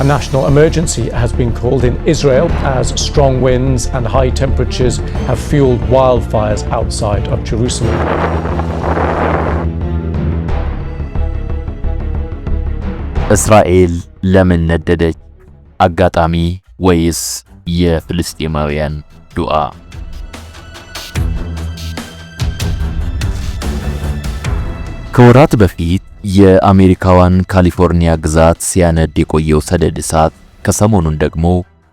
A national emergency has been called in Israel as strong winds and high temperatures have fueled wildfires outside of Jerusalem. እስራኤል ለምን ነደደች? አጋጣሚ ወይስ የፍልስጤማውያን ዱዓ? ከወራት በፊት የአሜሪካዋን ካሊፎርኒያ ግዛት ሲያነድ የቆየው ሰደድ እሳት ከሰሞኑን ደግሞ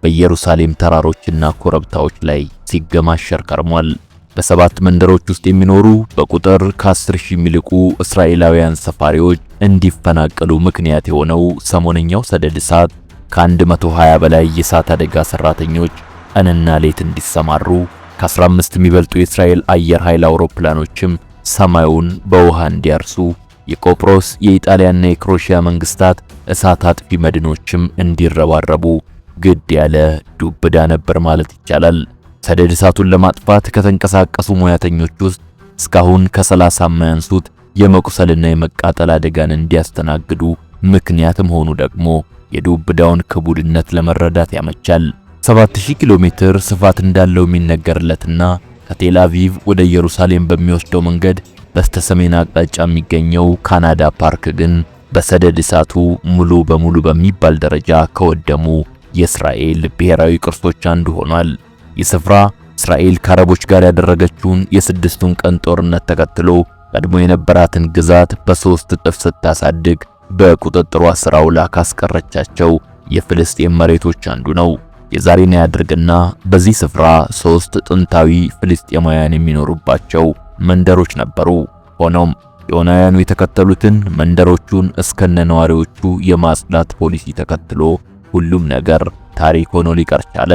በኢየሩሳሌም ተራሮችና ኮረብታዎች ላይ ሲገማሸር ከርሟል። በሰባት መንደሮች ውስጥ የሚኖሩ በቁጥር ከአስር ሺህ የሚልቁ እስራኤላውያን ሰፋሪዎች እንዲፈናቀሉ ምክንያት የሆነው ሰሞነኛው ሰደድ እሳት ከ120 በላይ የእሳት አደጋ ሰራተኞች ቀንና ሌት እንዲሰማሩ ከ15 የሚበልጡ የእስራኤል አየር ኃይል አውሮፕላኖችም ሰማዩን በውሃ እንዲያርሱ የቆጵሮስ የኢጣሊያና የክሮሺያ መንግስታት እሳት አጥፊ መድኖችም እንዲረባረቡ ግድ ያለ ዱብዳ ነበር ማለት ይቻላል። ሰደድ እሳቱን ለማጥፋት ከተንቀሳቀሱ ሙያተኞች ውስጥ እስካሁን ከሰላሳ የማያንሱት የመቁሰልና የመቃጠል አደጋን እንዲያስተናግዱ ምክንያት መሆኑ ደግሞ የዱብዳውን ክቡድነት ለመረዳት ያመቻል። 7000 ኪሎ ሜትር ስፋት እንዳለው የሚነገርለትና ከቴል አቪቭ ወደ ኢየሩሳሌም በሚወስደው መንገድ በስተሰሜን አቅጣጫ የሚገኘው ካናዳ ፓርክ ግን በሰደድ እሳቱ ሙሉ በሙሉ በሚባል ደረጃ ከወደሙ የእስራኤል ብሔራዊ ቅርሶች አንዱ ሆኗል። ይህ ስፍራ እስራኤል ከአረቦች ጋር ያደረገችውን የስድስቱን ቀን ጦርነት ተከትሎ ቀድሞ የነበራትን ግዛት በሶስት እጥፍ ስታሳድግ በቁጥጥሯ ስር አውላ ካስቀረቻቸው የፍልስጤም መሬቶች አንዱ ነው። የዛሬን ያድርግና በዚህ ስፍራ ሶስት ጥንታዊ ፍልስጤማውያን የሚኖሩባቸው መንደሮች ነበሩ። ሆኖም ዮናውያኑ የተከተሉትን መንደሮቹን እስከነ ነዋሪዎቹ የማጽዳት ፖሊሲ ተከትሎ ሁሉም ነገር ታሪክ ሆኖ ሊቀር ቻለ።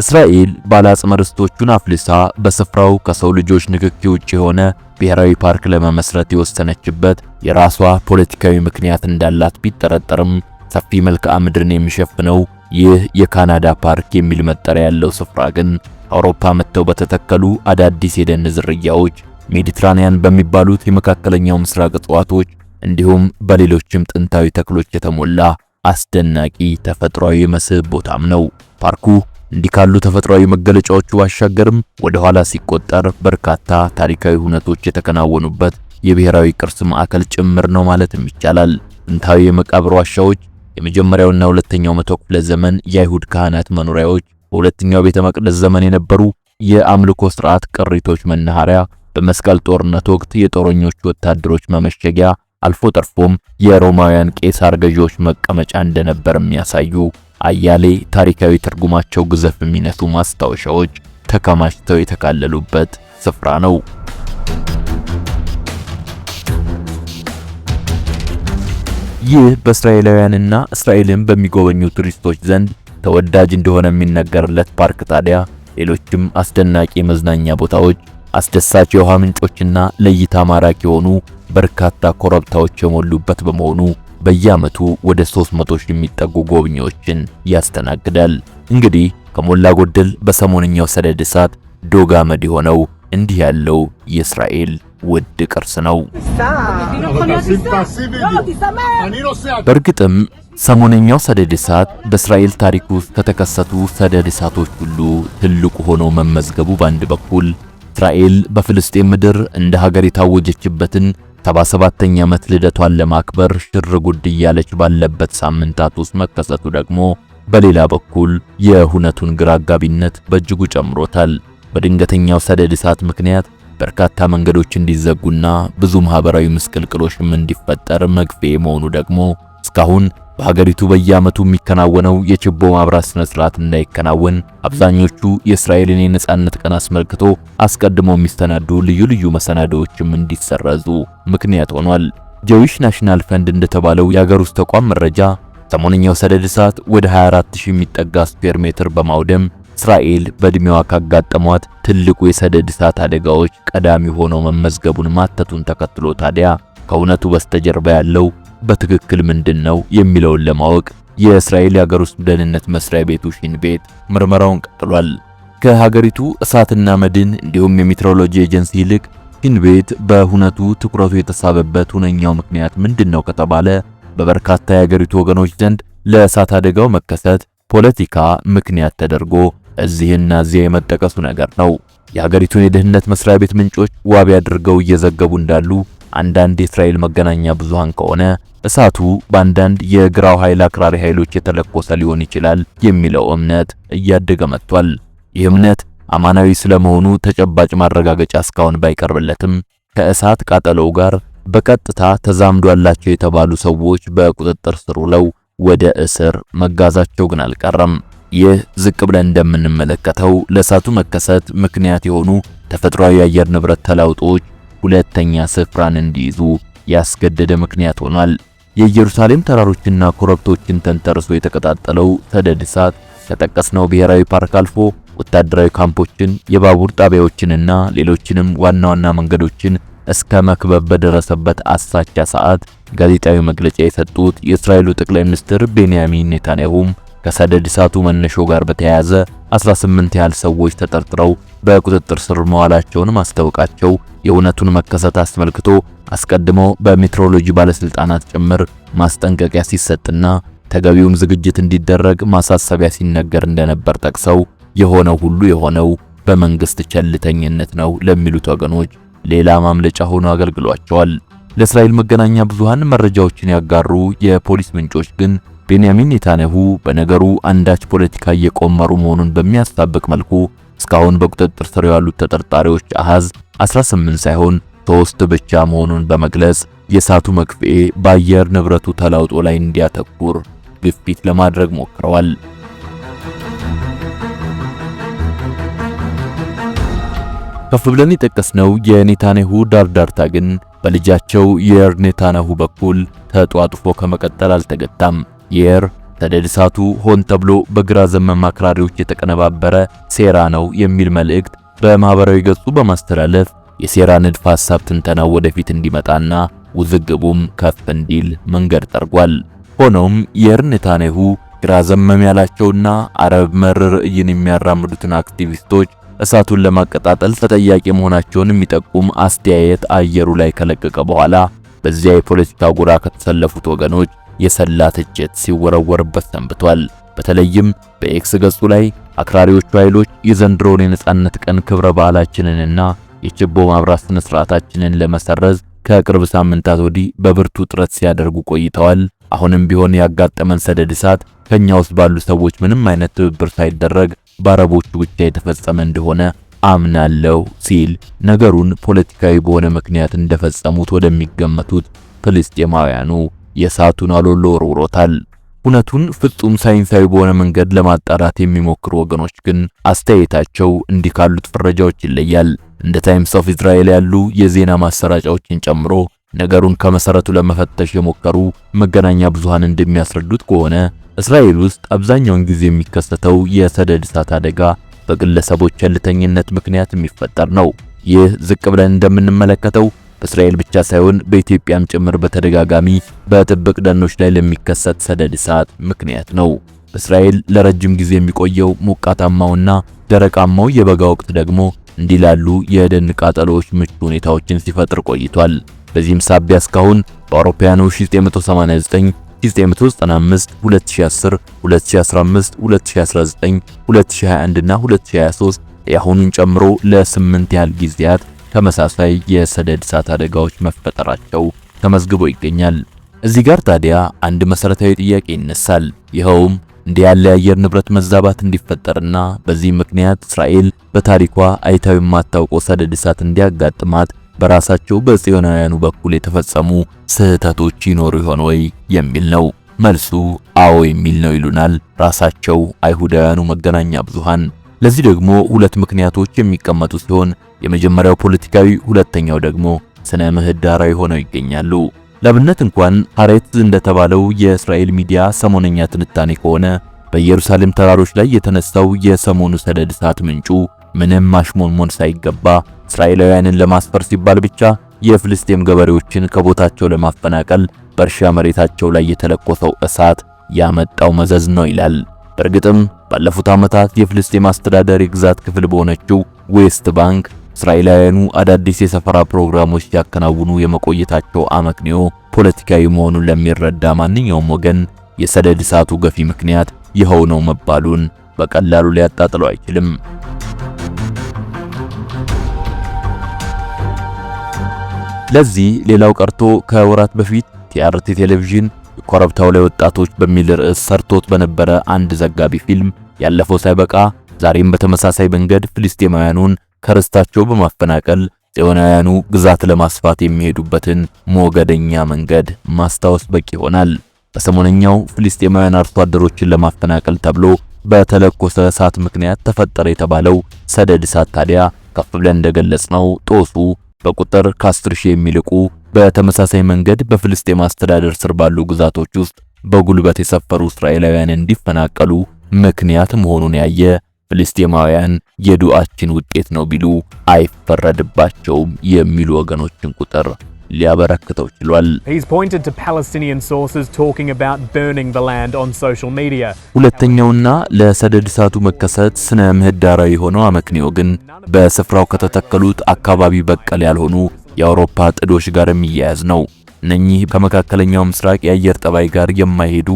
እስራኤል ባለአጽመ ርስቶቹን አፍልሳ በስፍራው ከሰው ልጆች ንክኪ ውጭ የሆነ ብሔራዊ ፓርክ ለመመስረት የወሰነችበት የራሷ ፖለቲካዊ ምክንያት እንዳላት ቢጠረጠርም ሰፊ መልክዓ ምድርን የሚሸፍነው ይህ የካናዳ ፓርክ የሚል መጠሪያ ያለው ስፍራ ግን አውሮፓ መጥተው በተተከሉ አዳዲስ የደን ዝርያዎች ሜዲትራንያን በሚባሉት የመካከለኛው ምስራቅ እጽዋቶች እንዲሁም በሌሎችም ጥንታዊ ተክሎች የተሞላ አስደናቂ ተፈጥሯዊ መስህብ ቦታም ነው። ፓርኩ እንዲህ ካሉ ተፈጥሯዊ መገለጫዎቹ ባሻገርም ወደ ኋላ ሲቆጠር በርካታ ታሪካዊ ሁነቶች የተከናወኑበት የብሔራዊ ቅርስ ማዕከል ጭምር ነው ማለትም ይቻላል። ጥንታዊ የመቃብር ዋሻዎች፣ የመጀመሪያውና ሁለተኛው መቶ ክፍለ ዘመን የአይሁድ ካህናት መኖሪያዎች፣ በሁለተኛው ቤተ መቅደስ ዘመን የነበሩ የአምልኮ ስርዓት ቅሪቶች መናኸሪያ በመስቀል ጦርነት ወቅት የጦረኞች ወታደሮች መመሸጊያ አልፎ ተርፎም የሮማውያን ቄሳር ገዢዎች መቀመጫ እንደነበር የሚያሳዩ አያሌ ታሪካዊ ትርጉማቸው ግዘፍ የሚነሱ ማስታወሻዎች ተከማችተው የተካለሉበት ስፍራ ነው። ይህ በእስራኤላውያንና እስራኤልን በሚጎበኙ ቱሪስቶች ዘንድ ተወዳጅ እንደሆነ የሚነገርለት ፓርክ ታዲያ ሌሎችም አስደናቂ የመዝናኛ ቦታዎች አስደሳች የውሃ ምንጮችና ለእይታ ማራኪ የሆኑ በርካታ ኮረብታዎች የሞሉበት በመሆኑ በየዓመቱ ወደ 300 ሺህ የሚጠጉ ጎብኚዎችን ያስተናግዳል። እንግዲህ ከሞላ ጎደል በሰሞንኛው ሰደድ እሳት ዶግ አመድ የሆነው እንዲህ ያለው የእስራኤል ውድ ቅርስ ነው። በእርግጥም ሰሞነኛው ሰደድ እሳት በእስራኤል ታሪክ ውስጥ ከተከሰቱ ሰደድ እሳቶች ሁሉ ትልቁ ሆኖ መመዝገቡ በአንድ በኩል እስራኤል በፍልስጤም ምድር እንደ ሀገር የታወጀችበትን 77ኛ ዓመት ልደቷን ለማክበር ሽር ጉድ እያለች ባለበት ሳምንታት ውስጥ መከሰቱ ደግሞ በሌላ በኩል የሁነቱን ግራ አጋቢነት በእጅጉ ጨምሮታል። በድንገተኛው ሰደድ እሳት ምክንያት በርካታ መንገዶች እንዲዘጉና ብዙ ማህበራዊ ምስቅልቅሎችም እንዲፈጠር መግፌ መሆኑ ደግሞ እስካሁን በሀገሪቱ በየዓመቱ የሚከናወነው የችቦ ማብራት ስነ ስርዓት እንዳይከናወን አብዛኞቹ የእስራኤልን የነጻነት ቀን አስመልክቶ አስቀድሞ የሚስተናዱ ልዩ ልዩ መሰናዶዎችም እንዲሰረዙ ምክንያት ሆኗል። ጀዊሽ ናሽናል ፈንድ እንደተባለው የሀገር ውስጥ ተቋም መረጃ ሰሞንኛው ሰደድ እሳት ወደ 24000 የሚጠጋ ስኩዌር ሜትር በማውደም እስራኤል በእድሜዋ ካጋጠሟት ትልቁ የሰደድ እሳት አደጋዎች ቀዳሚ ሆኖ መመዝገቡን ማተቱን ተከትሎ ታዲያ ከእውነቱ በስተጀርባ ያለው በትክክል ምንድን ነው የሚለውን ለማወቅ የእስራኤል የሀገር ውስጥ ደህንነት መስሪያ ቤቱ ሽን ቤት ምርመራውን ቀጥሏል። ከሀገሪቱ እሳትና መድን እንዲሁም የሜትሮሎጂ ኤጀንሲ ይልቅ ሽን ቤት በሁነቱ ትኩረቱ የተሳበበት ሁነኛው ምክንያት ምንድን ነው ከተባለ በበርካታ የሀገሪቱ ወገኖች ዘንድ ለእሳት አደጋው መከሰት ፖለቲካ ምክንያት ተደርጎ እዚህና እዚያ የመጠቀሱ ነገር ነው። የሀገሪቱን የደህንነት መስሪያ ቤት ምንጮች ዋቢ አድርገው እየዘገቡ እንዳሉ አንዳንድ የእስራኤል መገናኛ ብዙሃን ከሆነ እሳቱ በአንዳንድ የግራው ኃይል አክራሪ ኃይሎች የተለኮሰ ሊሆን ይችላል የሚለው እምነት እያደገ መጥቷል። ይህ እምነት አማናዊ ስለመሆኑ ተጨባጭ ማረጋገጫ እስካሁን ባይቀርብለትም ከእሳት ቃጠሎው ጋር በቀጥታ ተዛምዷላቸው የተባሉ ሰዎች በቁጥጥር ስር ውለው ወደ እስር መጋዛቸው ግን አልቀረም። ይህ ዝቅ ብለን እንደምንመለከተው ለእሳቱ መከሰት ምክንያት የሆኑ ተፈጥሯዊ የአየር ንብረት ተለውጦች ሁለተኛ ስፍራን እንዲይዙ ያስገደደ ምክንያት ሆኗል። የኢየሩሳሌም ተራሮችና ኮረብቶችን ተንተርሶ የተቀጣጠለው ሰደድ እሳት ከጠቀስነው ብሔራዊ ፓርክ አልፎ ወታደራዊ ካምፖችን፣ የባቡር ጣቢያዎችንና ሌሎችንም ዋና ዋና መንገዶችን እስከ መክበብ በደረሰበት አሳቻ ሰዓት ጋዜጣዊ መግለጫ የሰጡት የእስራኤሉ ጠቅላይ ሚኒስትር ቤንያሚን ኔታንያሁም ከሰደድ እሳቱ መነሾ ጋር በተያያዘ 18 ያህል ሰዎች ተጠርጥረው በቁጥጥር ስር መዋላቸውን ማስታወቃቸው የእውነቱን መከሰት አስመልክቶ አስቀድሞ በሜትሮሎጂ ባለስልጣናት ጭምር ማስጠንቀቂያ ሲሰጥና ተገቢውም ዝግጅት እንዲደረግ ማሳሰቢያ ሲነገር እንደነበር ጠቅሰው የሆነው ሁሉ የሆነው በመንግስት ቸልተኝነት ነው ለሚሉት ወገኖች ሌላ ማምለጫ ሆኖ አገልግሏቸዋል። ለእስራኤል መገናኛ ብዙሃን መረጃዎችን ያጋሩ የፖሊስ ምንጮች ግን ቤንያሚን ኔታንያሁ በነገሩ አንዳች ፖለቲካ እየቆመሩ መሆኑን በሚያስታብቅ መልኩ እስካሁን በቁጥጥር ስር ያሉት ተጠርጣሪዎች አሃዝ 18 ሳይሆን ሶስት ብቻ መሆኑን በመግለጽ የእሳቱ መክፍኤ በአየር ንብረቱ ተለውጦ ላይ እንዲያተኩር ግፊት ለማድረግ ሞክረዋል። ከፍ ብለን የጠቀስነው የኔታንያሁ ዳርዳርታ ግን በልጃቸው የያር ኔታንያሁ በኩል ተጧጥፎ ከመቀጠል አልተገታም። የር እሳቱ ሆን ተብሎ በግራ ዘመም አክራሪዎች የተቀነባበረ ሴራ ነው የሚል መልእክት በማህበራዊ ገጹ በማስተላለፍ የሴራ ንድፈ ሐሳብ ትንተናው ወደፊት እንዲመጣና ውዝግቡም ከፍ እንዲል መንገድ ጠርጓል። ሆኖም የር ኔታንያሁ ግራ ዘመም ያላቸውና አረብ መር ራዕይን የሚያራምዱትን አክቲቪስቶች እሳቱን ለማቀጣጠል ተጠያቂ መሆናቸውን የሚጠቁም አስተያየት አየሩ ላይ ከለቀቀ በኋላ በዚያ የፖለቲካ ጉራ ከተሰለፉት ወገኖች የሰላ ትችት ሲወረወርበት ሰንብቷል። በተለይም በኤክስ ገጹ ላይ አክራሪዎቹ ኃይሎች የዘንድሮን የነጻነት ቀን ክብረ በዓላችንንና የችቦ ማብራት ስነ ስርዓታችንን ለመሰረዝ ከቅርብ ሳምንታት ወዲህ በብርቱ ጥረት ሲያደርጉ ቆይተዋል። አሁንም ቢሆን ያጋጠመን ሰደድ እሳት ከኛ ውስጥ ባሉ ሰዎች ምንም አይነት ትብብር ሳይደረግ በአረቦቹ ብቻ የተፈጸመ እንደሆነ አምናለሁ ሲል ነገሩን ፖለቲካዊ በሆነ ምክንያት እንደፈጸሙት ወደሚገመቱት ፍልስጤማውያኑ የእሳቱን አሎሎ ወርውሮታል። እውነቱን ፍጹም ሳይንሳዊ በሆነ መንገድ ለማጣራት የሚሞክሩ ወገኖች ግን አስተያየታቸው እንዲህ ካሉት ፍረጃዎች ይለያል። እንደ ታይምስ ኦፍ እስራኤል ያሉ የዜና ማሰራጫዎችን ጨምሮ ነገሩን ከመሰረቱ ለመፈተሽ የሞከሩ መገናኛ ብዙሃን እንደሚያስረዱት ከሆነ እስራኤል ውስጥ አብዛኛውን ጊዜ የሚከሰተው የሰደድ እሳት አደጋ በግለሰቦች ቸልተኝነት ምክንያት የሚፈጠር ነው። ይህ ዝቅ ብለን እንደምንመለከተው በእስራኤል ብቻ ሳይሆን በኢትዮጵያም ጭምር በተደጋጋሚ በጥብቅ ደኖች ላይ ለሚከሰት ሰደድ እሳት ምክንያት ነው። በእስራኤል ለረጅም ጊዜ የሚቆየው ሞቃታማውና ደረቃማው የበጋ ወቅት ደግሞ እንዲህ ላሉ የደን ቃጠሎዎች ምቹ ሁኔታዎችን ሲፈጥር ቆይቷል። በዚህም ሳቢያ እስካሁን በአውሮፓውያኑ 1989 1995 2010 2015 2019 2021 እና 2023 የአሁኑን ጨምሮ ለ8 ያህል ጊዜያት ተመሳሳይ የሰደድ እሳት አደጋዎች መፈጠራቸው ተመዝግቦ ይገኛል። እዚህ ጋር ታዲያ አንድ መሰረታዊ ጥያቄ ይነሳል። ይኸውም እንዲህ ያለ የአየር ንብረት መዛባት እንዲፈጠርና በዚህ ምክንያት እስራኤል በታሪኳ አይታዊ የማታውቀው ሰደድ እሳት እንዲያጋጥማት በራሳቸው በጽዮናውያኑ በኩል የተፈጸሙ ስህተቶች ይኖሩ ይሆን ወይ የሚል ነው። መልሱ አዎ የሚል ነው ይሉናል ራሳቸው አይሁዳውያኑ መገናኛ ብዙሃን። ለዚህ ደግሞ ሁለት ምክንያቶች የሚቀመጡ ሲሆን የመጀመሪያው ፖለቲካዊ፣ ሁለተኛው ደግሞ ስነ ምህዳራዊ ሆነው ይገኛሉ። ለአብነት እንኳን ሐሬት እንደተባለው የእስራኤል ሚዲያ ሰሞነኛ ትንታኔ ከሆነ በኢየሩሳሌም ተራሮች ላይ የተነሳው የሰሞኑ ሰደድ እሳት ምንጩ ምንም ማሽሞንሞን ሳይገባ እስራኤላውያንን ለማስፈር ሲባል ብቻ የፍልስጤም ገበሬዎችን ከቦታቸው ለማፈናቀል በእርሻ መሬታቸው ላይ የተለኮሰው እሳት ያመጣው መዘዝ ነው ይላል። በእርግጥም ባለፉት ዓመታት የፍልስጤም አስተዳደር የግዛት ክፍል በሆነችው ዌስት ባንክ እስራኤላውያኑ አዳዲስ የሰፈራ ፕሮግራሞች ሲያከናውኑ የመቆየታቸው አመክንዮ ፖለቲካዊ መሆኑን ለሚረዳ ማንኛውም ወገን የሰደድ እሳቱ ገፊ ምክንያት ይኸው ነው መባሉን በቀላሉ ሊያጣጥለው አይችልም። ለዚህ ሌላው ቀርቶ ከወራት በፊት ቲአርቲ ቴሌቪዥን ኮረብታው ላይ ወጣቶች በሚል ርዕስ ሰርቶት በነበረ አንድ ዘጋቢ ፊልም ያለፈው ሳይበቃ ዛሬም በተመሳሳይ መንገድ ፍልስጤማውያኑን ከርስታቸው በማፈናቀል ጽዮናውያኑ ግዛት ለማስፋት የሚሄዱበትን ሞገደኛ መንገድ ማስታወስ በቂ ይሆናል። በሰሞነኛው ፍልስጤማውያን አርሶ አደሮችን ለማፈናቀል ተብሎ በተለኮሰ እሳት ምክንያት ተፈጠረ የተባለው ሰደድ እሳት ታዲያ ከፍ ብለን እንደገለጽ ነው ጦሱ በቁጥር ከአስር ሺህ የሚልቁ በተመሳሳይ መንገድ በፍልስጤም አስተዳደር ስር ባሉ ግዛቶች ውስጥ በጉልበት የሰፈሩ እስራኤላውያን እንዲፈናቀሉ ምክንያት መሆኑን ያየ ፍልስጤማውያን የዱዓችን ውጤት ነው ቢሉ አይፈረድባቸውም የሚሉ ወገኖችን ቁጥር ሊያበረክተው ችሏል። ሁለተኛውና ለሰደድ እሳቱ መከሰት ስነ ምህዳራዊ የሆነው አመክንዮ ግን በስፍራው ከተተከሉት አካባቢ በቀል ያልሆኑ የአውሮፓ ጥዶች ጋር የሚያያዝ ነው። እነኚህ ከመካከለኛው ምስራቅ የአየር ጠባይ ጋር የማይሄዱ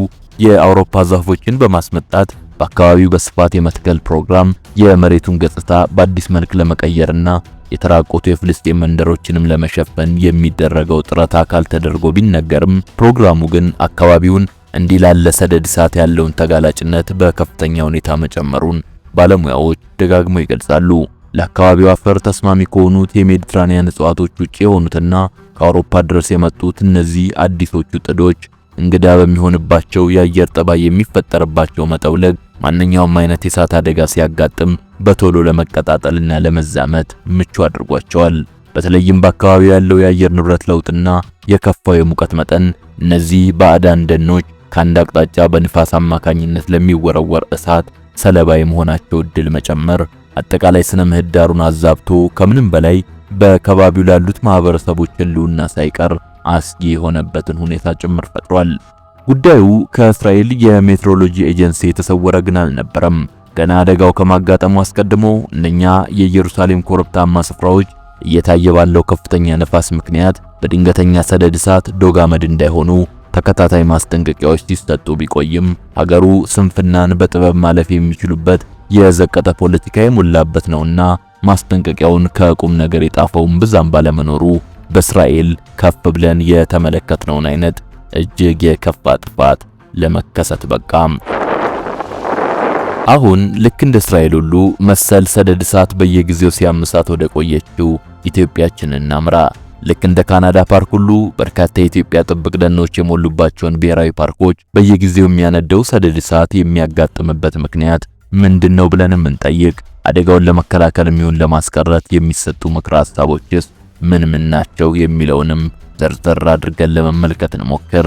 የአውሮፓ ዛፎችን በማስመጣት በአካባቢው በስፋት የመትከል ፕሮግራም የመሬቱን ገጽታ በአዲስ መልክ ለመቀየርና የተራቆቱ የፍልስጤም መንደሮችንም ለመሸፈን የሚደረገው ጥረት አካል ተደርጎ ቢነገርም ፕሮግራሙ ግን አካባቢውን እንዲህ ላለ ሰደድ እሳት ያለውን ተጋላጭነት በከፍተኛ ሁኔታ መጨመሩን ባለሙያዎች ደጋግመው ይገልጻሉ። ለአካባቢው አፈር ተስማሚ ከሆኑት የሜዲትራኒያን እጽዋቶች ውጪ የሆኑትና ከአውሮፓ ድረስ የመጡት እነዚህ አዲሶቹ ጥዶች እንግዳ በሚሆንባቸው የአየር ጠባይ የሚፈጠርባቸው መጠውለግ ማንኛውም አይነት የእሳት አደጋ ሲያጋጥም በቶሎ ለመቀጣጠልና ለመዛመት ምቹ አድርጓቸዋል። በተለይም በአካባቢው ያለው የአየር ንብረት ለውጥና የከፋው የሙቀት መጠን እነዚህ ባዕዳን ደኖች ከአንድ አቅጣጫ በንፋስ አማካኝነት ለሚወረወር እሳት ሰለባ የመሆናቸው እድል መጨመር አጠቃላይ ስነ ምህዳሩን አዛብቶ ከምንም በላይ በከባቢው ላሉት ማህበረሰቦች ልውና ሳይቀር አስጊ የሆነበትን ሁኔታ ጭምር ፈጥሯል። ጉዳዩ ከእስራኤል የሜትሮሎጂ ኤጀንሲ የተሰወረ ግን አልነበረም። ገና አደጋው ከማጋጠሙ አስቀድሞ እነኛ የኢየሩሳሌም ኮረብታማ ስፍራዎች እየታየ ባለው ከፍተኛ ነፋስ ምክንያት በድንገተኛ ሰደድ እሳት ዶግ እንዳይሆኑ ተከታታይ ማስጠንቀቂያዎች ሲሰጡ ቢቆይም ሀገሩ ስንፍናን በጥበብ ማለፍ የሚችሉበት የዘቀጠ ፖለቲካ የሞላበት ነውና ማስጠንቀቂያውን ከቁም ነገር የጣፈውን ብዛም ባለመኖሩ በእስራኤል ከፍ ብለን የተመለከትነውን አይነት እጅግ የከፋ ጥፋት ለመከሰት በቃም። አሁን ልክ እንደ እስራኤል ሁሉ መሰል ሰደድ እሳት በየጊዜው ሲያምሳት ወደ ቆየችው ኢትዮጵያችን እናምራ። ልክ እንደ ካናዳ ፓርክ ሁሉ በርካታ የኢትዮጵያ ጥብቅ ደኖች የሞሉባቸውን ብሔራዊ ፓርኮች በየጊዜው የሚያነደው ሰደድ እሳት የሚያጋጥምበት ምክንያት ምንድነው ብለን የምንጠይቅ አደጋውን ለመከላከል የሚሆን ለማስቀረት የሚሰጡ ምክረ ሀሳቦችስ ምን ምን ናቸው የሚለውንም ዘርዘር አድርገን ለመመልከት እንሞክር።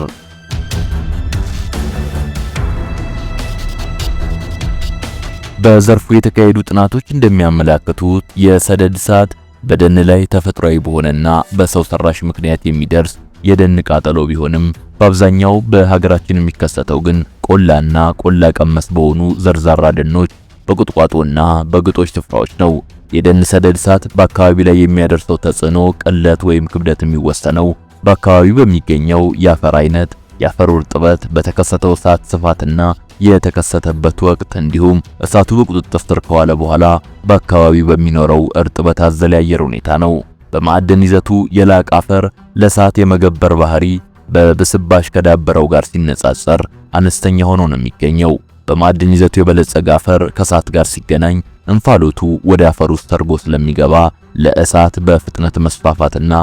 በዘርፉ የተካሄዱ ጥናቶች እንደሚያመላክቱት የሰደድ እሳት በደን ላይ ተፈጥሯዊ በሆነና በሰው ሰራሽ ምክንያት የሚደርስ የደን ቃጠሎ ቢሆንም በአብዛኛው በሀገራችን የሚከሰተው ግን ቆላና ቆላ ቀመስ በሆኑ ዘርዛራ ደኖች በቁጥቋጦና በግጦሽ ስፍራዎች ነው። የደን ሰደድ እሳት በአካባቢ ላይ የሚያደርሰው ተጽዕኖ ቅለት ወይም ክብደት የሚወሰነው በአካባቢው በሚገኘው የአፈር አይነት፣ የአፈሩ እርጥበት፣ በተከሰተው እሳት ስፋትና የተከሰተበት ወቅት እንዲሁም እሳቱ በቁጥጥር ስር ከዋለ በኋላ በአካባቢው በሚኖረው እርጥበት አዘል የአየር ሁኔታ ነው። በማዕድን ይዘቱ የላቀ አፈር ለእሳት የመገበር ባህሪ በብስባሽ ከዳበረው ጋር ሲነጻጸር አነስተኛ ሆኖ ነው የሚገኘው። በማዕድን ይዘቱ የበለጸገ አፈር ከእሳት ጋር ሲገናኝ እንፋሎቱ ወደ አፈር ውስጥ ተርጎ ስለሚገባ ለእሳት በፍጥነት መስፋፋትና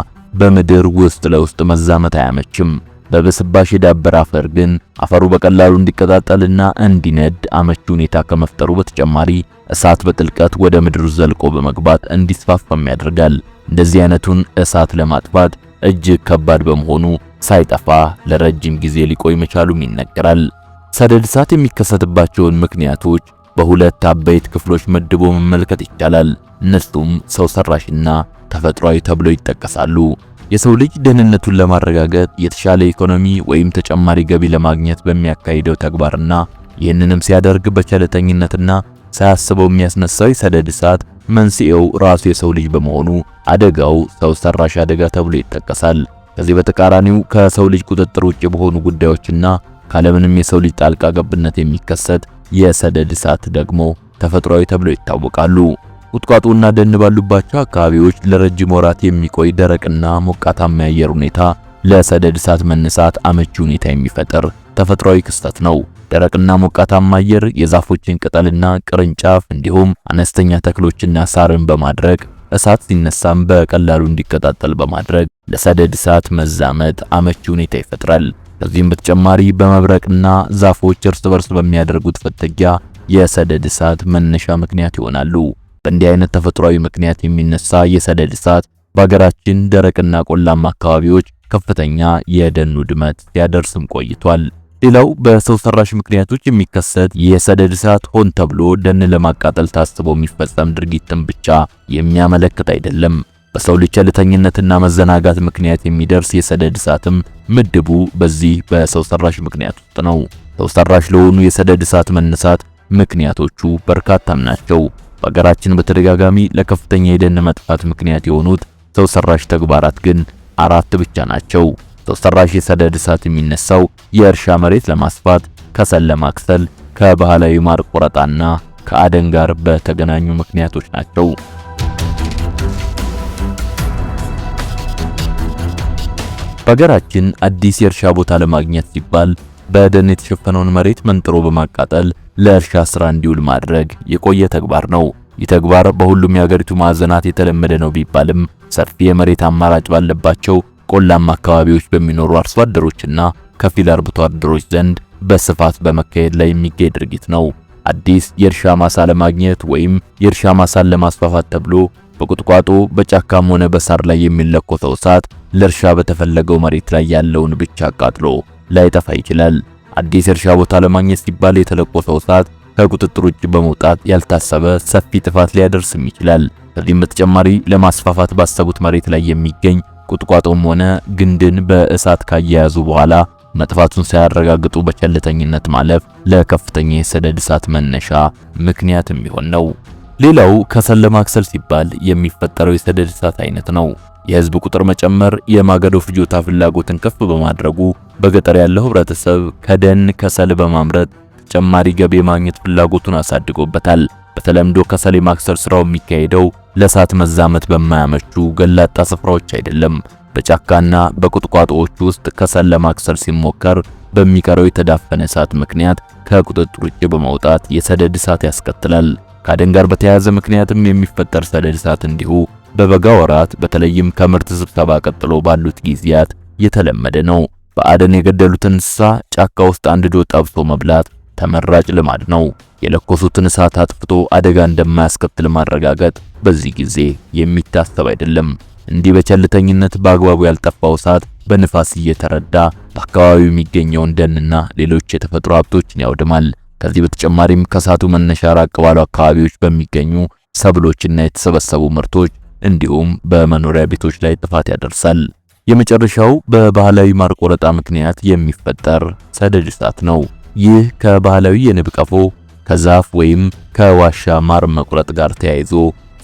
በምድር ውስጥ ለውስጥ መዛመት አያመችም። በብስባሽ የዳበረ አፈር ግን አፈሩ በቀላሉ እንዲቀጣጠልና እንዲነድ አመቺ ሁኔታ ከመፍጠሩ በተጨማሪ እሳት በጥልቀት ወደ ምድር ዘልቆ በመግባት እንዲስፋፋም ያደርጋል። እንደዚህ አይነቱን እሳት ለማጥፋት እጅግ ከባድ በመሆኑ ሳይጠፋ ለረጅም ጊዜ ሊቆይ መቻሉም ይነገራል። ሰደድ እሳት የሚከሰትባቸውን ምክንያቶች በሁለት አበይት ክፍሎች መድቦ መመልከት ይቻላል። እነሱም ሰው ሰራሽና ተፈጥሯዊ ተብሎ ይጠቀሳሉ። የሰው ልጅ ደህንነቱን ለማረጋገጥ የተሻለ ኢኮኖሚ ወይም ተጨማሪ ገቢ ለማግኘት በሚያካሂደው ተግባርና ይህንንም ሲያደርግ በቸለተኝነትና ሳያስበው የሚያስነሳው ሰደድ እሳት መንስኤው ራሱ የሰው ልጅ በመሆኑ አደጋው ሰው ሰራሽ አደጋ ተብሎ ይጠቀሳል። ከዚህ በተቃራኒው ከሰው ልጅ ቁጥጥር ውጭ በሆኑ ጉዳዮችና ካለምንም የሰው ልጅ ጣልቃ ገብነት የሚከሰት የሰደድ እሳት ደግሞ ተፈጥሯዊ ተብለው ይታወቃሉ። ቁጥቋጦና ደን ባሉባቸው አካባቢዎች ለረጅም ወራት የሚቆይ ደረቅና ሞቃታማ የአየር ሁኔታ ለሰደድ እሳት መነሳት አመቺ ሁኔታ የሚፈጥር ተፈጥሯዊ ክስተት ነው። ደረቅና ሞቃታማ አየር የዛፎችን ቅጠልና ቅርንጫፍ እንዲሁም አነስተኛ ተክሎችና ሳርን በማድረግ እሳት ሲነሳም በቀላሉ እንዲቀጣጠል በማድረግ ለሰደድ እሳት መዛመት አመቺ ሁኔታ ይፈጥራል። ከዚህም በተጨማሪ በመብረቅና ዛፎች እርስ በርስ በሚያደርጉት ፍትጊያ የሰደድ እሳት መነሻ ምክንያት ይሆናሉ። በእንዲህ አይነት ተፈጥሯዊ ምክንያት የሚነሳ የሰደድ እሳት በሀገራችን ደረቅና ቆላማ አካባቢዎች ከፍተኛ የደን ውድመት ሲያደርስም ቆይቷል። ሌላው በሰው ሰራሽ ምክንያቶች የሚከሰት የሰደድ እሳት ሆን ተብሎ ደን ለማቃጠል ታስቦ የሚፈጸም ድርጊትን ብቻ የሚያመለክት አይደለም። በሰው ልጅ ቸልተኝነትና መዘናጋት ምክንያት የሚደርስ የሰደድ እሳትም ምድቡ በዚህ በሰው ሰራሽ ምክንያት ውስጥ ነው። ሰው ሰራሽ ለሆኑ የሰደድ እሳት መነሳት ምክንያቶቹ በርካታም ናቸው። በሀገራችን በተደጋጋሚ ለከፍተኛ የደን መጥፋት ምክንያት የሆኑት ሰው ሰራሽ ተግባራት ግን አራት ብቻ ናቸው። ሰው ሰራሽ የሰደድ እሳት የሚነሳው የእርሻ መሬት ለማስፋት፣ ከሰል ለማክሰል፣ ከባህላዊ ማር ቆረጣና ከአደን ጋር በተገናኙ ምክንያቶች ናቸው። በሀገራችን አዲስ የእርሻ ቦታ ለማግኘት ሲባል በደን የተሸፈነውን መሬት መንጥሮ በማቃጠል ለእርሻ ስራ እንዲውል ማድረግ የቆየ ተግባር ነው። ይህ ተግባር በሁሉም የሀገሪቱ ማዕዘናት የተለመደ ነው ቢባልም ሰፊ የመሬት አማራጭ ባለባቸው ቆላማ አካባቢዎች በሚኖሩ አርሶ አደሮችና ከፊል አርብቶ አደሮች ዘንድ በስፋት በመካሄድ ላይ የሚገኝ ድርጊት ነው። አዲስ የእርሻ ማሳ ለማግኘት ወይም የእርሻ ማሳን ለማስፋፋት ተብሎ በቁጥቋጦ በጫካም ሆነ በሳር ላይ የሚለኮተው እሳት ለእርሻ በተፈለገው መሬት ላይ ያለውን ብቻ አቃጥሎ ላይጠፋ ይችላል። አዲስ እርሻ ቦታ ለማግኘት ሲባል የተለቆሰው እሳት ከቁጥጥር ውጭ በመውጣት ያልታሰበ ሰፊ ጥፋት ሊያደርስም ይችላል። ከዚህም በተጨማሪ ለማስፋፋት ባሰቡት መሬት ላይ የሚገኝ ቁጥቋጦም ሆነ ግንድን በእሳት ካያያዙ በኋላ መጥፋቱን ሳያረጋግጡ በቸልተኝነት ማለፍ ለከፍተኛ የሰደድ እሳት መነሻ ምክንያት የሚሆን ነው። ሌላው ከሰል ለማክሰል ሲባል የሚፈጠረው የሰደድ እሳት አይነት ነው። የህዝብ ቁጥር መጨመር የማገዶ ፍጆታ ፍላጎትን ከፍ በማድረጉ በገጠር ያለው ህብረተሰብ ከደን ከሰል በማምረት ተጨማሪ ገቢ ማግኘት ፍላጎቱን አሳድጎበታል። በተለምዶ ከሰል የማክሰር ስራው የሚካሄደው ለእሳት መዛመት በማያመቹ ገላጣ ስፍራዎች አይደለም። በጫካና በቁጥቋጦዎች ውስጥ ከሰል ለማክሰር ሲሞከር በሚቀረው የተዳፈነ እሳት ምክንያት ከቁጥጥር ውጭ በመውጣት የሰደድ እሳት ያስከትላል። ከአደን ጋር በተያያዘ ምክንያትም የሚፈጠር ሰደድ እሳት እንዲሁ በበጋ ወራት በተለይም ከምርት ስብሰባ ቀጥሎ ባሉት ጊዜያት የተለመደ ነው። በአደን የገደሉትን እንስሳ ጫካ ውስጥ አንድዶ ጠብሶ መብላት ተመራጭ ልማድ ነው። የለኮሱትን እሳት አጥፍቶ አደጋ እንደማያስከትል ማረጋገጥ በዚህ ጊዜ የሚታሰብ አይደለም። እንዲህ በቸልተኝነት በአግባቡ ያልጠፋው እሳት በንፋስ እየተረዳ በአካባቢው የሚገኘውን ደንና ሌሎች የተፈጥሮ ሀብቶችን ያውድማል። ከዚህ በተጨማሪም ከእሳቱ መነሻ ራቅ ባሉ አካባቢዎች በሚገኙ ሰብሎችና የተሰበሰቡ ምርቶች እንዲሁም በመኖሪያ ቤቶች ላይ ጥፋት ያደርሳል። የመጨረሻው በባህላዊ ማርቆረጣ ምክንያት የሚፈጠር ሰደድ እሳት ነው። ይህ ከባህላዊ የንብ ቀፎ ከዛፍ ወይም ከዋሻ ማር መቁረጥ ጋር ተያይዞ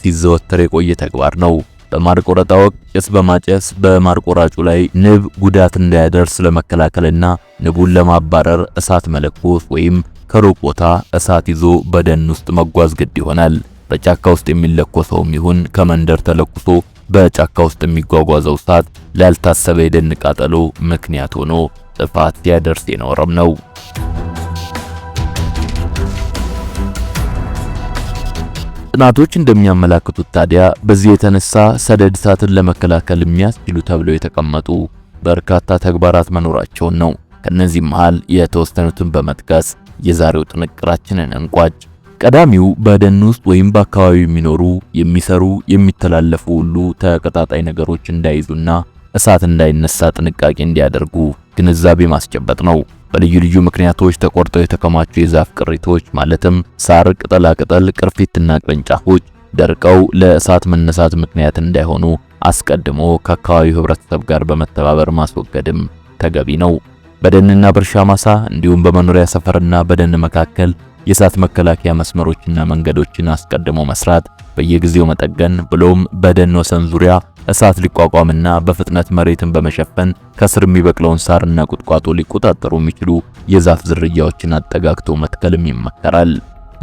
ሲዘወተር የቆየ ተግባር ነው። በማር ወቅት ጭስ በማጨስ በማርቆራጩ ላይ ንብ ጉዳት እንዳያደርስ ለመከላከልና ንቡን ለማባረር እሳት መለኮስ ወይም ከሩቅ ቦታ እሳት ይዞ በደን ውስጥ መጓዝ ግድ ይሆናል። በጫካ ውስጥ የሚለኮሰውም ይሁን ከመንደር ተለኩሶ በጫካ ውስጥ የሚጓጓዘው እሳት ላልታሰበ የደን ቃጠሎ ምክንያት ሆኖ ጥፋት ሲያደርስ የኖረም ነው። ጥናቶች እንደሚያመላክቱት ታዲያ በዚህ የተነሳ ሰደድ እሳትን ለመከላከል የሚያስችሉ ተብለው የተቀመጡ በርካታ ተግባራት መኖራቸውን ነው። ከነዚህ መሃል የተወሰኑትን በመጥቀስ የዛሬው ጥንቅራችንን እንቋጭ። ቀዳሚው በደን ውስጥ ወይም በአካባቢው የሚኖሩ የሚሰሩ፣ የሚተላለፉ ሁሉ ተቀጣጣይ ነገሮች እንዳይዙና እሳት እንዳይነሳ ጥንቃቄ እንዲያደርጉ ግንዛቤ ማስጨበጥ ነው። በልዩ ልዩ ምክንያቶች ተቆርጠው የተከማቹ የዛፍ ቅሪቶች ማለትም ሳር፣ ቅጠላ ቅጠል፣ ቅርፊትና ቅርንጫፎች ደርቀው ለእሳት መነሳት ምክንያት እንዳይሆኑ አስቀድሞ ከአካባቢው ህብረተሰብ ጋር በመተባበር ማስወገድም ተገቢ ነው። በደንና በእርሻ ማሳ እንዲሁም በመኖሪያ ሰፈርና በደን መካከል የእሳት መከላከያ መስመሮችና መንገዶችን አስቀድሞ መስራት፣ በየጊዜው መጠገን ብሎም በደን ወሰን ዙሪያ እሳት ሊቋቋምና በፍጥነት መሬትን በመሸፈን ከስር የሚበቅለውን ሳርና ቁጥቋጦ ሊቆጣጠሩ የሚችሉ የዛፍ ዝርያዎችን አጠጋግቶ መትከልም ይመከራል።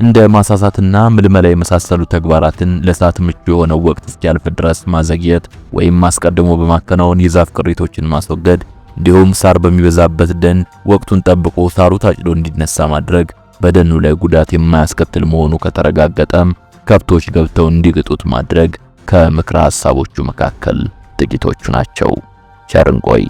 እንደ ማሳሳትና ምልመላ የመሳሰሉ ተግባራትን ለእሳት ምቹ የሆነው ወቅት እስኪያልፍ ድረስ ማዘግየት ወይም አስቀድሞ በማከናወን የዛፍ ቅሪቶችን ማስወገድ እንዲሁም ሳር በሚበዛበት ደን ወቅቱን ጠብቆ ሳሩ ታጭዶ እንዲነሳ ማድረግ፣ በደኑ ላይ ጉዳት የማያስከትል መሆኑ ከተረጋገጠም ከብቶች ገብተው እንዲግጡት ማድረግ ከምክረ ሐሳቦቹ መካከል ጥቂቶቹ ናቸው። ቸርንቆይ